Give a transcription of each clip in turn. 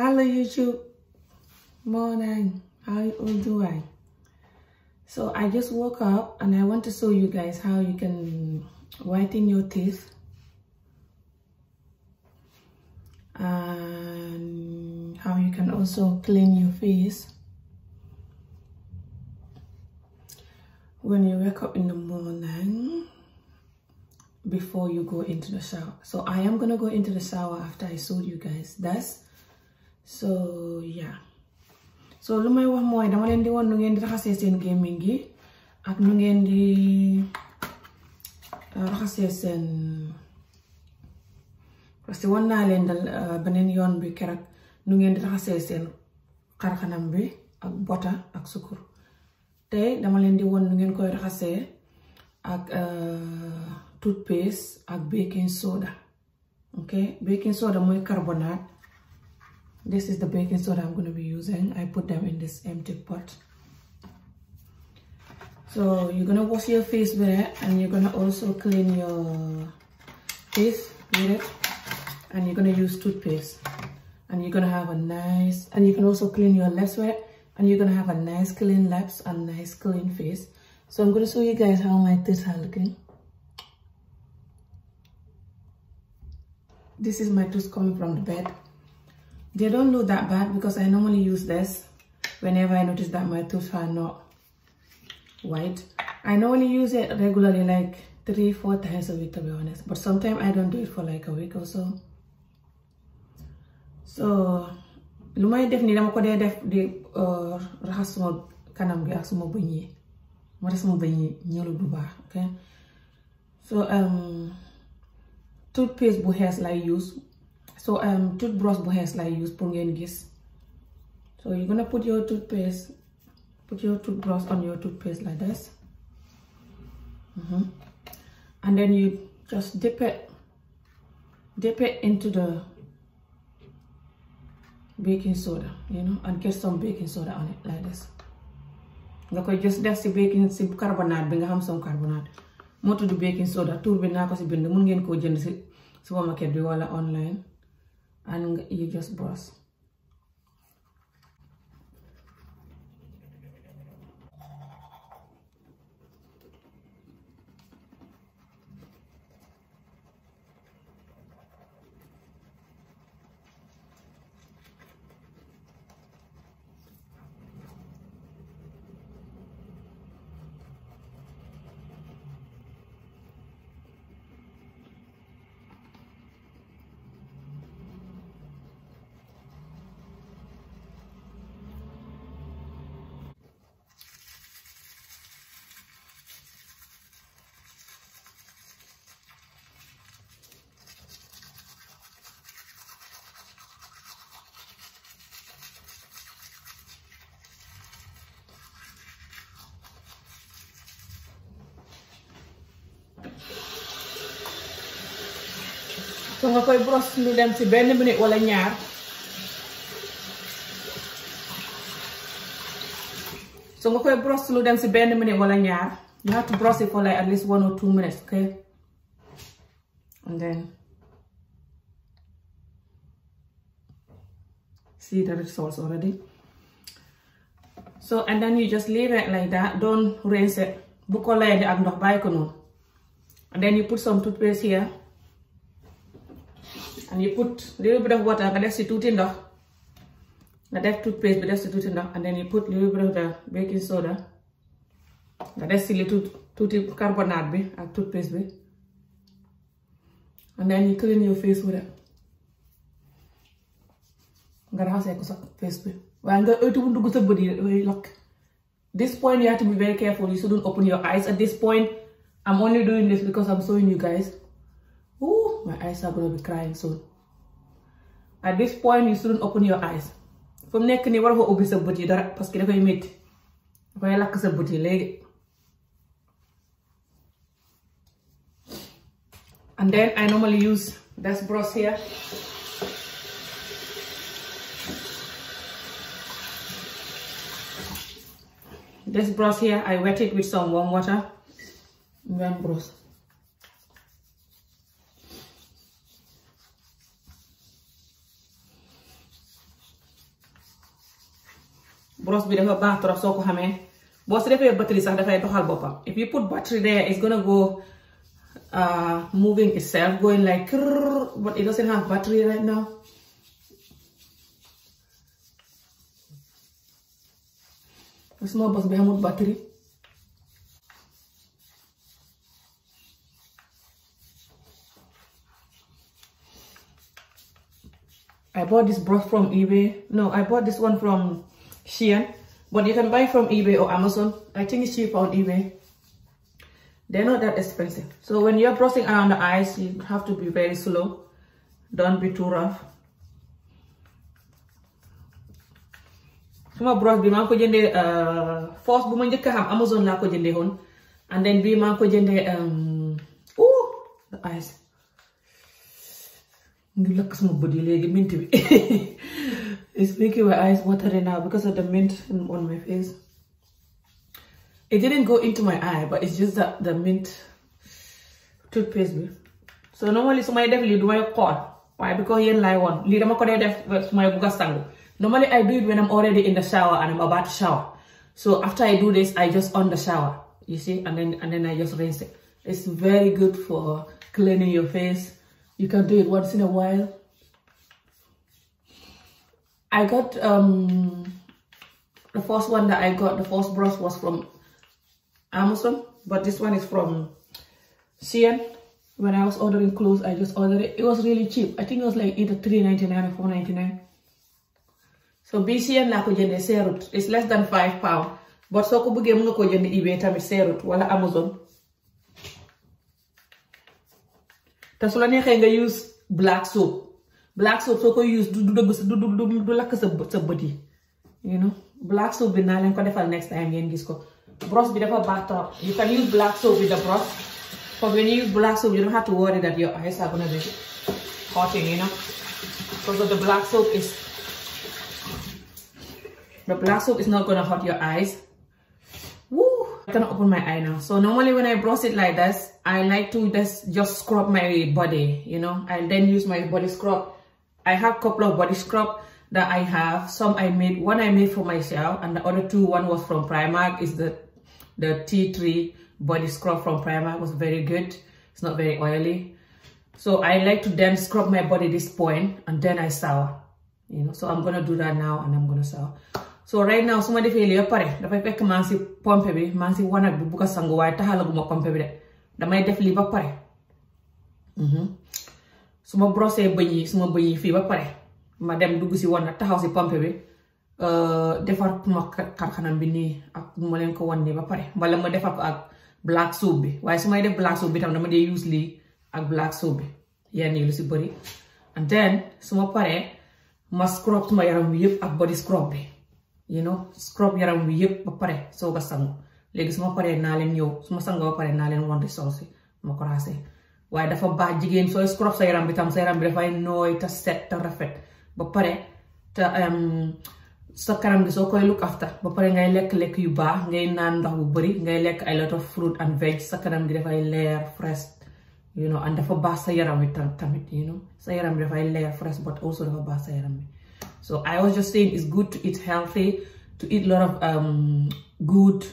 Hello YouTube. Morning. How you all doing? So I just woke up and I want to show you guys how you can whiten your teeth. And how you can also clean your face. When you wake up in the morning before you go into the shower. So I am going to go into the shower after I showed you guys. That's so yaa so lu may wax mooy dama leen di woon nu ngeen di raxasee seen gémmiñ gi ak nu ngeen di uh, raxasee seen parce que won naa leen dal uh, beneen yoon bi keroog nu ngeen di raxasee seen xarxanam bi ak bota ak sukur tey dama leen di woon nu ngeen koy raxasee ak uh, toothpaste ak baking soda ok baking soda mooy carbonate This is the baking soda I'm I put them in this empty pot. So you're going wash your face with and you're going also clean your face with it. And you're going use toothpaste. And you're going have a nice, and you can clean your lips with And you're going have a nice clean lips and nice clean face. So I'm going to you guys how my teeth are looking. This is my tooth coming from the bed. They don't look that bad because I normally use this whenever I notice that my tools are not white. I normally use it regularly like three, four times a week to be honest. But I don't do it for like a week so. lu may def nii dama ko dee def di uh, raxas suma kanam gi ak suma bëñ yi moo tax suma bëñ yi ñëwul bu baax so um, toothpaste bu xees lay use so um, toothbrush bu xees lay use pour ngeen gis so you're gonna put your toothpaste put your toothbrush on your toothpaste like this mm-hmm. and then you just dip it dip it into the baking soda you nga koy just def si baking si carbonate bi nga xam some carbonate moo tudd baking soda tur bi naa ko si bind mun ngeen koo jënd si supermarket bi wala online and you just brush su nga koy brosse lu dem ci benn minute walla ñaar su nga brosse lu dem ci benn minute wala ñaar you have to brosse it for at least one or two minutes okay and then you just leave it like that don't rinse bu ko layee ak ndox bàyyi ko noonu and then you put some toothpaste here and you put a little bit of water nga def si tuuti ndox nga def toothpaste bi def si tuuti ndox am then you put little bit of the baking soda nga def si li tuuti carbonate bi ak toothpaste bi and then you clean nga raxasee ko sa bi waaye nga ëytu bu dugg sa bët yi dafay lakk this be very careful you shouldn't open your eyes at this point I'm only doing this My eyes are gonna be crying soon. At this point, you shouldn't open your eyes. fu mu nekk nii war ko ubbi sa bët yi dara parce que dafay métti dafay lakk sa bët yi léegi and then I normally use this brush here this brush here I wet with some warm water then brosse bi dafa baax trop soo ko xamee boo si defee batterie sax dafay doxal boppam if you put battery there it's gonna go uh, moving itself going like but it doesn't have battery right now suma bos bi amul batterie I bought this brush from eBay. No, I bought this one from Shein. But you can buy from eBay or Amazon. I think it's on eBay. They're not that expensive. So when you're brushing around the eyes, you have to be very slow. Don't be too rough. suma brosse bi maa ngi ko jëndee uh, force bu ma njëkk a xam Amazon laa ko jëndee woon and then bii maa ko jëndee oh the eyes ngi lakk sama bët yi léegi mint bi It's making my eyes watery now because of the mint on my face. It didn't go into my eye, but it's just the mint toothpaste bi. so normally su may def lii du may xool because yéen laay woon lii dama ko dee def su may bugg a normally I do it when I'm already in the shower and I'm about shower so after I do this I just on the shower you see and then I just rinse it. It's very good for cleaning your face you can do it once in a while. I got um the first one that I got, the first brush was from Amazon, but this one is from Shein. When I was ordering clothes, I just ordered it. was really cheap. I think it was like either three ninety nine or four ninety nine. So bii Shein laa ko jëndee seerut. It's less than five pound. but soo ko bëggee mën nga koo jënd eBay tamit seerut wala Amazon. te su la neexee nga use black soap. black soap soo ko use du du du lakk sa sa bët yi you know black soap bi naa lañ ko defal next time ngeen gis ko brosse bi dafa baax trop you can use black soap with the brosse for when you use black soap you don't have to worry that your eyes are gonna be hurting you know because the black soap is the black soap is not gonna hurt your eyes I my to body, you I have couple of body scrub that I have. Some I made, one I made for myself and the other two, one was from Primark. Is the, the tea body scrub from Primark. was very good. It's not very oily. So I like to then scrub my body this point and then I shower. You know, so I'm gonna do that now and I'm gonna shower. so right now su ma defee lii ba pare dafay fekk maa si pompe bi maa si wanag bi bu ko sangu waaye taxalaguma pompe bi damay def lii ba pare mm-hmm. su ma brossé bëñ yi su ma bëñ yi fii ba pare ma dem dugg si wan na taxaw si pompe bi euh, defar ma xar-xanam bi nii ak ma leen ko wan nii ba pare wala ma defar ko ak black soap bi waaye su may def black soap bi tam dama dee use lii ak black soap bi yenn yi lu si bëri and su ma paree ma scrub suma yaram wi yëpp ak body scrub bi you know yaram wi yëpp ba pare soo ko sangu léegi su ma pare naa leen ñëw su ma sangoo ba pare naa leen wan resort si ma ko raasee waaye dafa baax jigéen soo scrub sa yaram bi tam sa yaram bi dafay nooy te set ta rafet ba pare te sa karam gi soo koy look after ba pare ngay lekk lekk yu baax ngay naan ndox bu bëri ngay lekk ay lot of fruit and veg sa kanam gi dafay leer fresh you know and dafa baax sa yaram bi tam tamit you sa yaram bi dafay leer fresh but also dafa baax sa yaram bi so I was just saying it's good to eat healthy to eat lot of good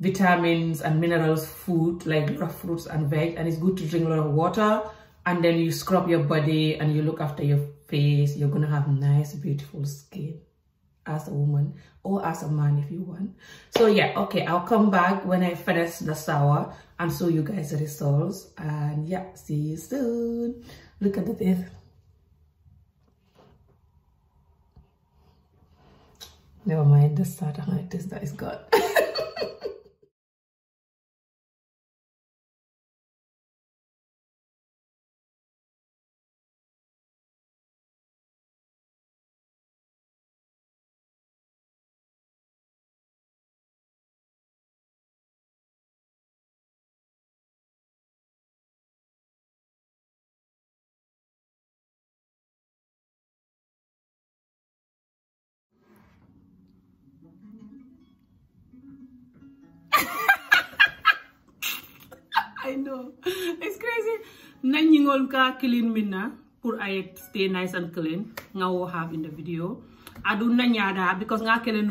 vitamins and minerals food like lot of fruits and veg and it's good to drink lot of water and then you scrub your body and you look after your face you're gonna have nice beautiful skin as a woman or as a man if you want so yeah okay i'll come back when i finish the shower and show you guys the results and yeah see you soon look at this never mind the side this that is good I know. It's crazy. Nanyingol ka clean minna pour I stay nice and clean. Nga will have in the video. I do because nga kelen